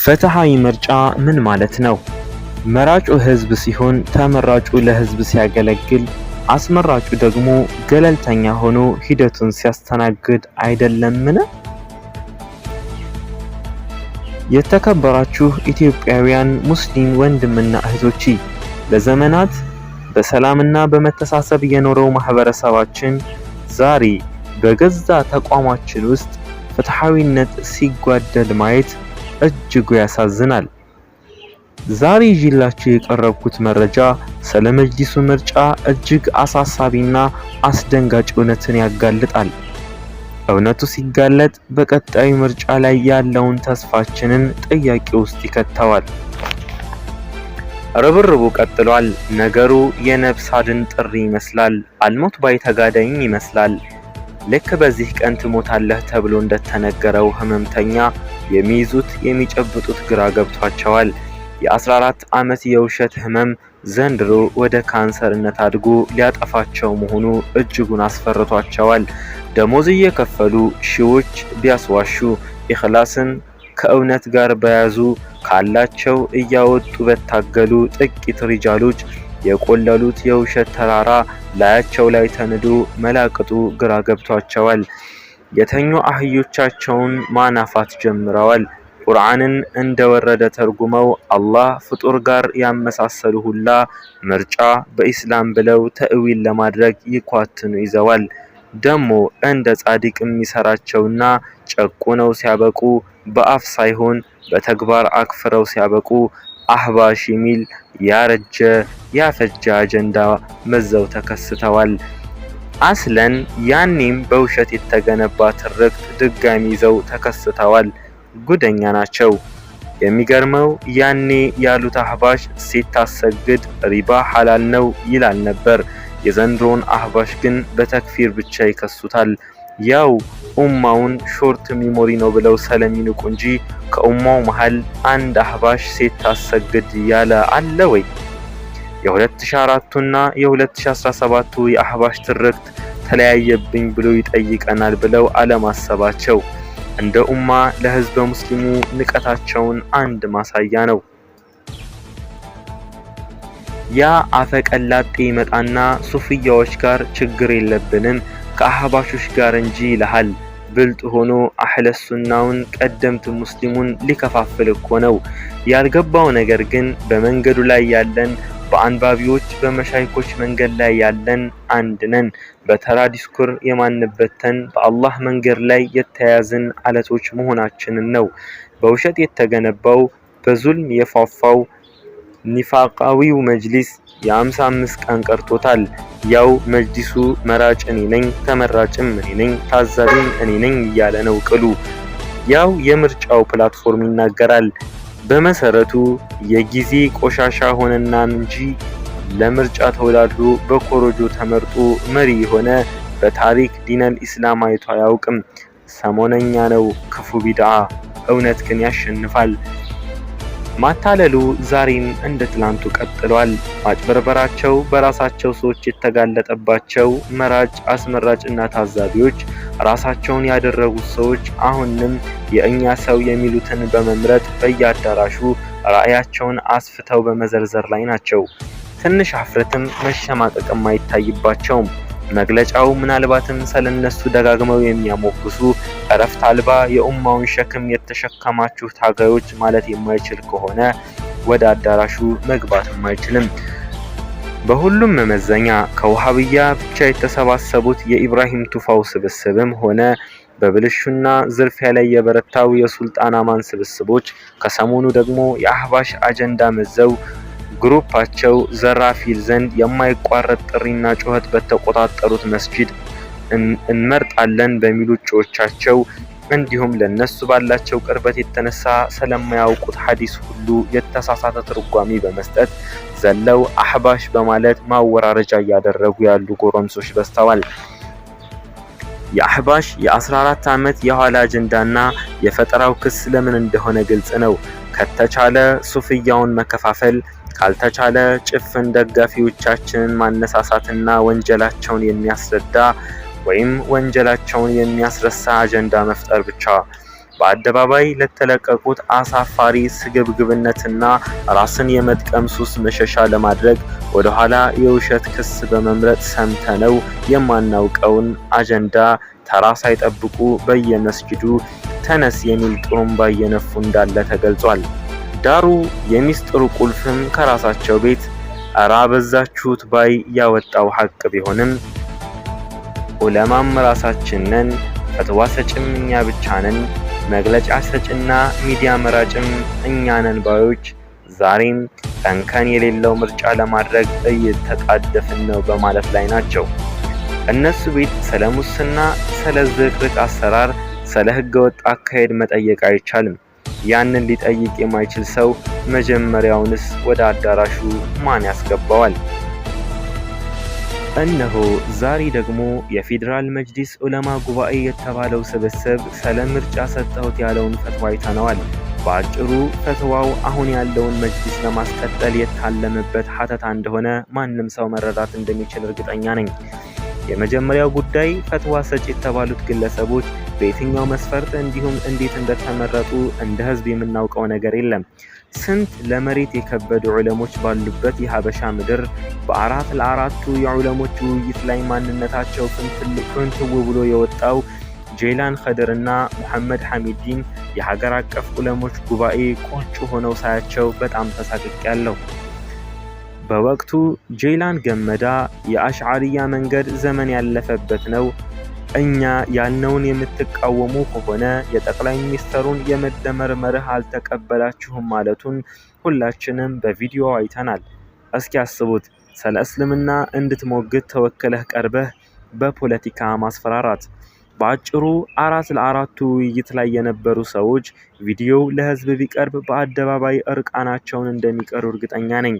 ፍትሐዊ ምርጫ ምን ማለት ነው? መራጩ ህዝብ ሲሆን ተመራጩ ለህዝብ ሲያገለግል፣ አስመራጩ ደግሞ ገለልተኛ ሆኖ ሂደቱን ሲያስተናግድ አይደለምን? የተከበራችሁ ኢትዮጵያውያን ሙስሊም ወንድምና እህቶች ለዘመናት በሰላምና በመተሳሰብ የኖረው ማህበረሰባችን ዛሬ በገዛ ተቋማችን ውስጥ ፍትሐዊነት ሲጓደል ማየት በእጅጉ ያሳዝናል። ዛሬ ይዤላችሁ የቀረብኩት መረጃ ስለ መጅሊሱ ምርጫ እጅግ አሳሳቢና አስደንጋጭ እውነትን ያጋልጣል። እውነቱ ሲጋለጥ በቀጣዩ ምርጫ ላይ ያለውን ተስፋችንን ጥያቄ ውስጥ ይከተዋል። ርብርቡ ቀጥሏል። ነገሩ የነፍስ አድን ጥሪ ይመስላል። አልሞት ባይ ተጋዳኝ ይመስላል። ልክ በዚህ ቀን ትሞታለህ ተብሎ እንደተነገረው ህመምተኛ የሚይዙት የሚጨብጡት ግራ ገብቷቸዋል። የ14 ዓመት የውሸት ህመም ዘንድሮ ወደ ካንሰርነት አድጎ ሊያጠፋቸው መሆኑ እጅጉን አስፈርቷቸዋል። ደሞዝ እየከፈሉ ሺዎች ቢያስዋሹ ኢኽላስን ከእውነት ጋር በያዙ ካላቸው እያወጡ በታገሉ ጥቂት ሪጃሎች የቆለሉት የውሸት ተራራ ላያቸው ላይ ተንዶ መላቅጡ ግራ ገብቷቸዋል። የተኙ አህዮቻቸውን ማናፋት ጀምረዋል። ቁርአንን እንደወረደ ተርጉመው አላህ ፍጡር ጋር ያመሳሰሉ ሁላ ምርጫ በኢስላም ብለው ተእዊል ለማድረግ ይኳትኑ ይዘዋል። ደሞ እንደ ጻድቅ የሚሰራቸውና ጨቁነው ሲያበቁ በአፍ ሳይሆን በተግባር አክፍረው ሲያበቁ አህባሽ የሚል ያረጀ ያፈጀ አጀንዳ መዘው ተከስተዋል። አስለን ያኔም በውሸት የተገነባ ትርክት ድጋሚ ይዘው ተከስተዋል። ጉደኛ ናቸው። የሚገርመው ያኔ ያሉት አህባሽ ሲታሰግድ ሪባ ሐላል ነው ይላል ነበር። የዘንድሮን አህባሽ ግን በተክፊር ብቻ ይከሱታል። ያው ኡማውን ሾርት ሚሞሪ ነው ብለው ሰለሚንቁ እንጂ ከኡማው መሃል አንድ አህባሽ ሲታሰግድ ያለ አለ ወይ? የ2004ቱና የ2017ቱ የአህባሽ ትርክት ተለያየብኝ ብሎ ይጠይቀናል ብለው አለማሰባቸው እንደ ኡማ ለህዝበ ሙስሊሙ ንቀታቸውን አንድ ማሳያ ነው። ያ አፈቀላጤ ይመጣና ሱፍያዎች ጋር ችግር የለብንም ከአህባሾች ጋር እንጂ ይልሃል። ብልጥ ሆኖ አህለሱናውን ቀደምት ሙስሊሙን ሊከፋፍል እኮ ነው። ያልገባው ነገር ግን በመንገዱ ላይ ያለን በአንባቢዎች በመሻይኮች መንገድ ላይ ያለን አንድ ነን። በተራ ዲስኩር የማንበተን በአላህ መንገድ ላይ የተያዝን አለቶች መሆናችንን ነው። በውሸት የተገነባው በዙልም የፋፋው ኒፋቃዊው መጅሊስ የአምሳ አምስት ቀን ቀርቶታል። ያው መጅሊሱ መራጭ እኔ ነኝ፣ ተመራጭም እኔ ነኝ፣ ታዛቢም እኔ ነኝ እያለ ነው ቅሉ። ያው የምርጫው ፕላትፎርም ይናገራል። በመሰረቱ የጊዜ ቆሻሻ ሆነና እንጂ ለምርጫ ተወዳድሮ በኮረጆ ተመርጦ መሪ የሆነ በታሪክ ዲነል ኢስላም አይቶ አያውቅም። ሰሞነኛ ነው ክፉ ቢድዓ፣ እውነት ግን ያሸንፋል። ማታለሉ ዛሬም እንደ ትላንቱ ቀጥሏል። ማጭበርበራቸው በራሳቸው ሰዎች የተጋለጠባቸው መራጭ አስመራጭና ታዛቢዎች ራሳቸውን ያደረጉት ሰዎች አሁንም የእኛ ሰው የሚሉትን በመምረጥ በየአዳራሹ ራዕያቸውን አስፍተው በመዘርዘር ላይ ናቸው። ትንሽ አፍረትም መሸማቀቅም አይታይባቸውም። መግለጫው ምናልባትም ስለነሱ ደጋግመው የሚያሞግሱ እረፍት አልባ የኡማውን ሸክም የተሸከማችሁ ታጋዮች ማለት የማይችል ከሆነ ወደ አዳራሹ መግባትም አይችልም። በሁሉም መመዘኛ ከውሃብያ ብቻ የተሰባሰቡት የኢብራሂም ቱፋው ስብስብም ሆነ በብልሹና ዝርፊያ ላይ የበረታው የሱልጣን አማን ስብስቦች ከሰሞኑ ደግሞ የአህባሽ አጀንዳ መዘው ግሩፓቸው ዘራፊል ዘንድ የማይቋረጥ ጥሪና ጩኸት በተቆጣጠሩት መስጂድ እንመርጣለን በሚሉ እጩዎቻቸው እንዲሁም ለነሱ ባላቸው ቅርበት የተነሳ ስለማያውቁት ሐዲስ ሁሉ የተሳሳተ ትርጓሚ በመስጠት ዘለው አህባሽ በማለት ማወራረጃ እያደረጉ ያሉ ጎረምሶች በስተዋል። የአህባሽ የ14 ዓመት የኋላ አጀንዳና የፈጠራው ክስ ለምን እንደሆነ ግልጽ ነው። ከተቻለ ሱፍያውን መከፋፈል፣ ካልተቻለ ጭፍን ደጋፊዎቻችንን ማነሳሳትና ወንጀላቸውን የሚያስረዳ ወይም ወንጀላቸውን የሚያስረሳ አጀንዳ መፍጠር ብቻ በአደባባይ ለተለቀቁት አሳፋሪ ስግብግብነትና ራስን የመጥቀም ሱስ መሸሻ ለማድረግ ወደኋላ የውሸት ክስ በመምረጥ ሰምተነው የማናውቀውን አጀንዳ ተራ ሳይጠብቁ በየመስጅዱ ተነስ የሚል ጥሩምባ እየነፉ እንዳለ ተገልጿል። ዳሩ የሚስጥሩ ቁልፍም ከራሳቸው ቤት እራ በዛችሁት ባይ ያወጣው ሐቅ ቢሆንም ዑለማም ራሳችን ነን፣ ፈትዋ ሰጭም እኛ ብቻ ነን መግለጫ ሰጭና ሚዲያ መራጭም እኛ ነን ባዮች ዛሬም ጠንከን የሌለው ምርጫ ለማድረግ እየተጣደፍን ነው በማለት ላይ ናቸው። እነሱ ቤት ስለ ሙስና፣ ስለ ዝርክርክ አሰራር፣ ስለ ህገወጥ አካሄድ መጠየቅ አይቻልም። ያንን ሊጠይቅ የማይችል ሰው መጀመሪያውንስ ወደ አዳራሹ ማን ያስገባዋል? እነሆ ዛሬ ደግሞ የፌዴራል መጅሊስ ዑለማ ጉባኤ የተባለው ስብስብ ስለ ምርጫ ሰጠሁት ያለውን ፈትዋ አይተነዋል። በአጭሩ ፈትዋው አሁን ያለውን መጅሊስ ለማስቀጠል የታለመበት ሀተታ እንደሆነ ማንም ሰው መረዳት እንደሚችል እርግጠኛ ነኝ። የመጀመሪያው ጉዳይ ፈትዋ ሰጭ የተባሉት ግለሰቦች በየትኛው መስፈርት እንዲሁም እንዴት እንደተመረጡ እንደ ህዝብ የምናውቀው ነገር የለም። ስንት ለመሬት የከበዱ ዑለሞች ባሉበት የሀበሻ ምድር በአራት ለአራቱ የዑለሞች ውይይት ላይ ማንነታቸው ፍንትው ብሎ የወጣው ጄላን ኸድርና ሙሐመድ ሐሚዲን የሀገር አቀፍ ዑለሞች ጉባኤ ቆጩ ሆነው ሳያቸው በጣም ያለው። በወቅቱ ጄላን ገመዳ የአሽዓሪያ መንገድ ዘመን ያለፈበት ነው እኛ ያልነውን የምትቃወሙ ከሆነ የጠቅላይ ሚኒስትሩን የመደመር መርህ አልተቀበላችሁም ማለቱን ሁላችንም በቪዲዮ አይተናል። እስኪ ያስቡት፣ ስለ እስልምና እንድትሞግት ተወክለህ ቀርበህ በፖለቲካ ማስፈራራት። በአጭሩ አራት ለአራቱ ውይይት ላይ የነበሩ ሰዎች ቪዲዮው ለህዝብ ቢቀርብ በአደባባይ እርቃናቸውን እንደሚቀሩ እርግጠኛ ነኝ።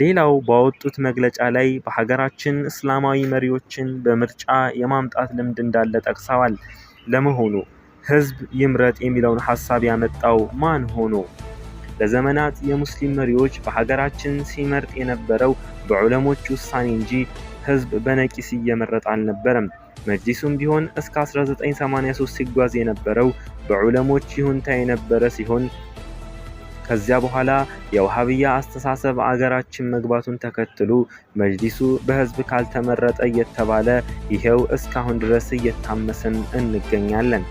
ሌላው ባወጡት መግለጫ ላይ በሀገራችን እስላማዊ መሪዎችን በምርጫ የማምጣት ልምድ እንዳለ ጠቅሰዋል። ለመሆኑ ህዝብ ይምረጥ የሚለውን ሀሳብ ያመጣው ማን ሆኖ? ለዘመናት የሙስሊም መሪዎች በሀገራችን ሲመርጥ የነበረው በዑለሞች ውሳኔ እንጂ ህዝብ በነቂስ እየመረጠ አልነበረም። መጅሊሱም ቢሆን እስከ 1983 ሲጓዝ የነበረው በዑለሞች ይሁንታ የነበረ ሲሆን ከዚያ በኋላ የውሃብያ አስተሳሰብ አገራችን መግባቱን ተከትሎ መጅሊሱ በህዝብ ካልተመረጠ እየተባለ ይሄው እስካሁን ድረስ እየታመስን እንገኛለን።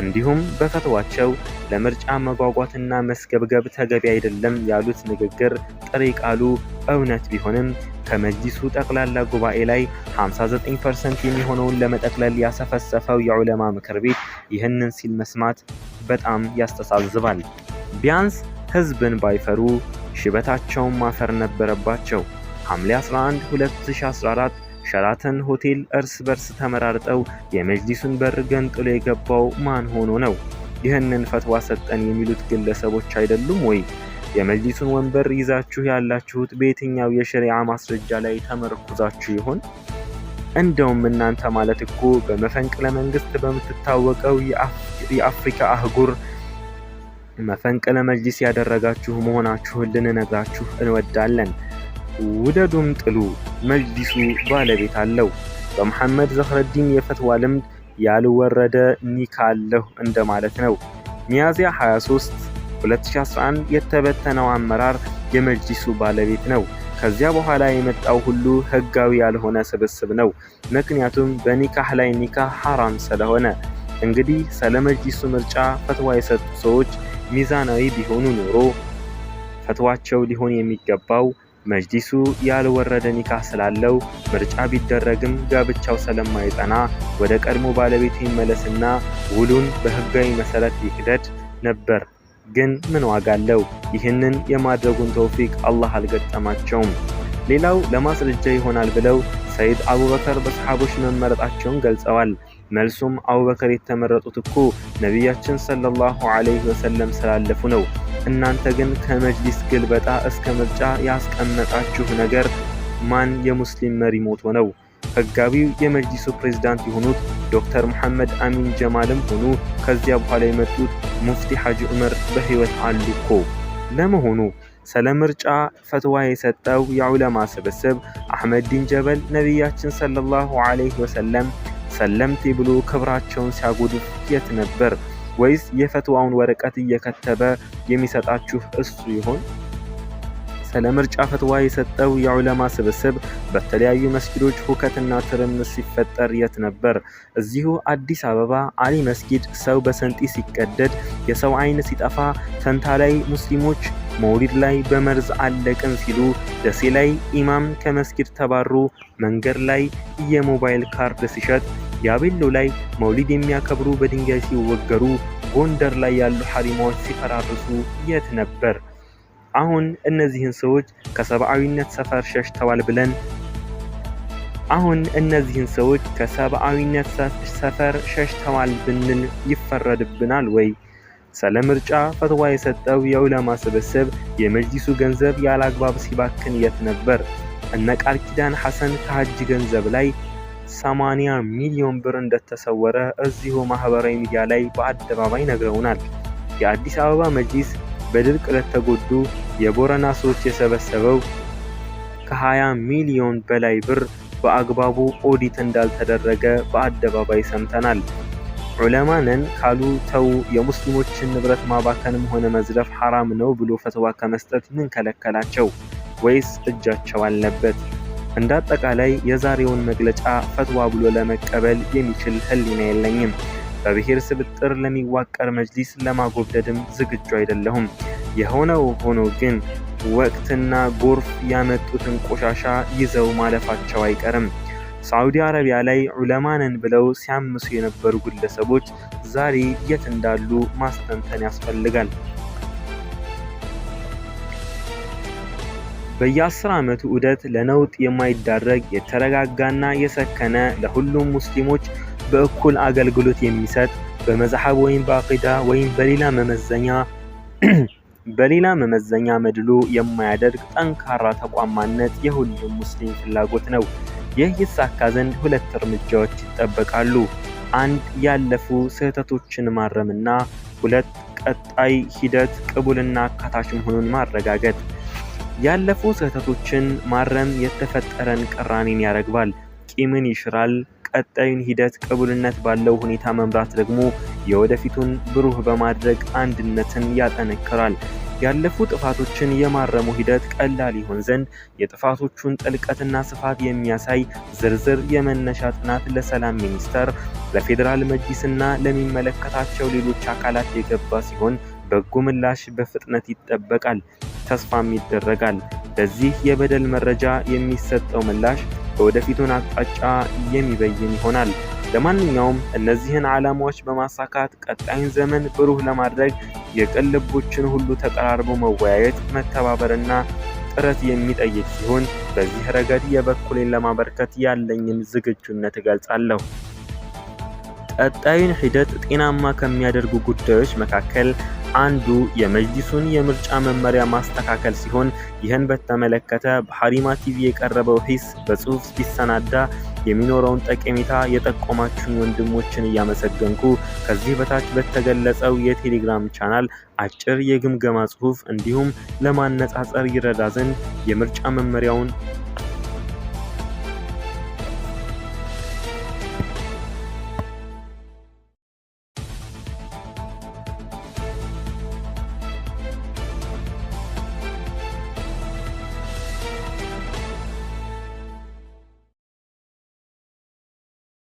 እንዲሁም በፈትዋቸው ለምርጫ መጓጓትና መስገብገብ ተገቢ አይደለም ያሉት ንግግር ጥሬ ቃሉ እውነት ቢሆንም ከመጅሊሱ ጠቅላላ ጉባኤ ላይ 59% የሚሆነውን ለመጠቅለል ያሰፈሰፈው የዑለማ ምክር ቤት ይህንን ሲል መስማት በጣም ያስተሳዝባል። ቢያንስ ህዝብን ባይፈሩ ሽበታቸውን ማፈር ነበረባቸው። ሐምሌ 11 2014 ሸራተን ሆቴል እርስ በርስ ተመራርጠው የመጅሊሱን በር ገንጥሎ የገባው ማን ሆኖ ነው? ይህንን ፈትዋ ሰጠን የሚሉት ግለሰቦች አይደሉም ወይ? የመጅሊሱን ወንበር ይዛችሁ ያላችሁት በየትኛው የሸሪዓ ማስረጃ ላይ ተመርኩዛችሁ ይሆን? እንደውም እናንተ ማለት እኮ በመፈንቅለ መንግስት በምትታወቀው የአፍሪካ አህጉር መፈንቅለ መጅሊስ ያደረጋችሁ መሆናችሁን ልንነግራችሁ እንወዳለን። ውደዱም ጥሉ፣ መጅሊሱ ባለቤት አለው። በመሐመድ ዘኽረዲን የፈትዋ ልምድ ያልወረደ ኒካለሁ እንደማለት ነው። ሚያዝያ 23 2011 የተበተነው አመራር የመጅሊሱ ባለቤት ነው። ከዚያ በኋላ የመጣው ሁሉ ህጋዊ ያልሆነ ስብስብ ነው። ምክንያቱም በኒካህ ላይ ኒካህ ሐራም ስለሆነ። እንግዲህ ስለ መጅሊሱ ምርጫ ፈትዋ የሰጡ ሰዎች ሚዛናዊ ቢሆኑ ኖሮ ፈትዋቸው ሊሆን የሚገባው መጅሊሱ ያልወረደ ኒካህ ስላለው ምርጫ ቢደረግም ጋብቻው ስለማይጠና ወደ ቀድሞ ባለቤቱ ይመለስና ውሉን በህጋዊ መሰረት ይቅደድ ነበር። ግን ምን ዋጋ አለው? ይህንን የማድረጉን ተውፊቅ አላህ አልገጠማቸውም። ሌላው ለማስረጃ ይሆናል ብለው ሰይድ አቡበከር በሰሓቦች መመረጣቸውን ገልጸዋል። መልሱም አቡበከር የተመረጡት እኮ ነቢያችን ሰለላሁ ዐለይሂ ወሰለም ስላለፉ ነው። እናንተ ግን ከመጅሊስ ግልበጣ እስከ ምርጫ ያስቀመጣችሁ ነገር ማን የሙስሊም መሪ ሞቶ ነው? ህጋቢው የመጅሊሱ ፕሬዝዳንት የሆኑት ዶክተር መሐመድ አሚን ጀማልም ሆኑ ከዚያ በኋላ የመጡት ሙፍቲ ሐጂ ዑመር በህይወት አሉ እኮ። ለመሆኑ ስለ ምርጫ ፈትዋ የሰጠው የዑለማ ስብስብ አሕመድ ዲን ጀበል ነቢያችን ሰለላሁ ዐለይሂ ወሰለም ሰለምቴ ብሎ ክብራቸውን ሲያጎድፍ የት ነበር? ወይስ የፈትዋውን ወረቀት እየከተበ የሚሰጣችሁ እሱ ይሆን? ስለ ምርጫ ፈትዋ የሰጠው የዑለማ ስብስብ በተለያዩ መስጊዶች ሁከትና ትርምስ ሲፈጠር የት ነበር? እዚሁ አዲስ አበባ አሊ መስጊድ ሰው በሰንጢ ሲቀደድ፣ የሰው ዓይን ሲጠፋ፣ ፈንታ ላይ ሙስሊሞች መውሊድ ላይ በመርዝ አለቅን ሲሉ፣ ደሴ ላይ ኢማም ከመስጊድ ተባሩ መንገድ ላይ የሞባይል ካርድ ሲሸጥ የአቤሎ ላይ መውሊድ የሚያከብሩ በድንጋይ ሲወገሩ፣ ጎንደር ላይ ያሉ ሐሪማዎች ሲፈራርሱ የት ነበር? አሁን እነዚህን ሰዎች ከሰብአዊነት ሰፈር ሸሽተዋል ብለን አሁን እነዚህን ሰዎች ከሰብአዊነት ሰፈር ሸሽተዋል ብንል ይፈረድብናል ወይ? ስለ ምርጫ ፈትዋ የሰጠው የዑለማ ስብስብ የመጅሊሱ ገንዘብ ያለ አግባብ ሲባክን የት ነበር? እነ ቃል ኪዳን ሐሰን ከሐጅ ገንዘብ ላይ 80 ሚሊዮን ብር እንደተሰወረ እዚሁ ማህበራዊ ሚዲያ ላይ በአደባባይ ነግረውናል። የአዲስ አበባ መጅሊስ በድርቅ ለተጎዱ የቦረና ሰዎች የሰበሰበው ከ20 ሚሊዮን በላይ ብር በአግባቡ ኦዲት እንዳልተደረገ በአደባባይ ሰምተናል። ዑለማ ነን ካሉ ተው፣ የሙስሊሞችን ንብረት ማባከንም ሆነ መዝረፍ ሐራም ነው ብሎ ፈትዋ ከመስጠት ምን ከለከላቸው? ወይስ እጃቸው አለበት? እንደ አጠቃላይ የዛሬውን መግለጫ ፈትዋ ብሎ ለመቀበል የሚችል ህሊና የለኝም። በብሔር ስብጥር ለሚዋቀር መጅሊስ ለማጎብደድም ዝግጁ አይደለሁም። የሆነው ሆኖ ግን ወቅትና ጎርፍ ያመጡትን ቆሻሻ ይዘው ማለፋቸው አይቀርም። ሳዑዲ አረቢያ ላይ ዑለማንን ብለው ሲያምሱ የነበሩ ግለሰቦች ዛሬ የት እንዳሉ ማስተንተን ያስፈልጋል። በየአስር ዓመቱ ዑደት ለነውጥ የማይዳረግ የተረጋጋና የሰከነ ለሁሉም ሙስሊሞች በእኩል አገልግሎት የሚሰጥ በመዝሐብ ወይም በአቂዳ ወይም በሌላ መመዘኛ መድሎ የማያደርግ ጠንካራ ተቋማነት የሁሉም ሙስሊም ፍላጎት ነው። ይህ ይሳካ ዘንድ ሁለት እርምጃዎች ይጠበቃሉ። አንድ ያለፉ ስህተቶችን ማረምና ሁለት ቀጣይ ሂደት ቅቡልና አካታች መሆኑን ማረጋገጥ። ያለፉ ስህተቶችን ማረም የተፈጠረን ቅራኔን ያረግባል፣ ቂምን ይሽራል። ቀጣዩን ሂደት ቅቡልነት ባለው ሁኔታ መምራት ደግሞ የወደፊቱን ብሩህ በማድረግ አንድነትን ያጠነክራል። ያለፉ ጥፋቶችን የማረሙ ሂደት ቀላል ይሆን ዘንድ የጥፋቶቹን ጥልቀትና ስፋት የሚያሳይ ዝርዝር የመነሻ ጥናት ለሰላም ሚኒስቴር፣ ለፌዴራል መጅሊስና ለሚመለከታቸው ሌሎች አካላት የገባ ሲሆን በጎ ምላሽ በፍጥነት ይጠበቃል። ተስፋም ይደረጋል። በዚህ የበደል መረጃ የሚሰጠው ምላሽ የወደፊቱን አቅጣጫ የሚበይን ይሆናል። ለማንኛውም እነዚህን ዓላማዎች በማሳካት ቀጣይን ዘመን ብሩህ ለማድረግ የቅን ልቦችን ሁሉ ተቀራርቦ መወያየት፣ መተባበርና ጥረት የሚጠይቅ ሲሆን በዚህ ረገድ የበኩሌን ለማበርከት ያለኝን ዝግጁነት እገልጻለሁ። ቀጣዩን ሂደት ጤናማ ከሚያደርጉ ጉዳዮች መካከል አንዱ የመጅሊሱን የምርጫ መመሪያ ማስተካከል ሲሆን ይህን በተመለከተ በሐሪማ ቲቪ የቀረበው ሂስ በጽሑፍ ቢሰናዳ የሚኖረውን ጠቀሜታ የጠቆማችሁኝ ወንድሞችን እያመሰገንኩ ከዚህ በታች በተገለጸው የቴሌግራም ቻናል አጭር የግምገማ ጽሑፍ እንዲሁም ለማነጻጸር ይረዳ ዘንድ የምርጫ መመሪያውን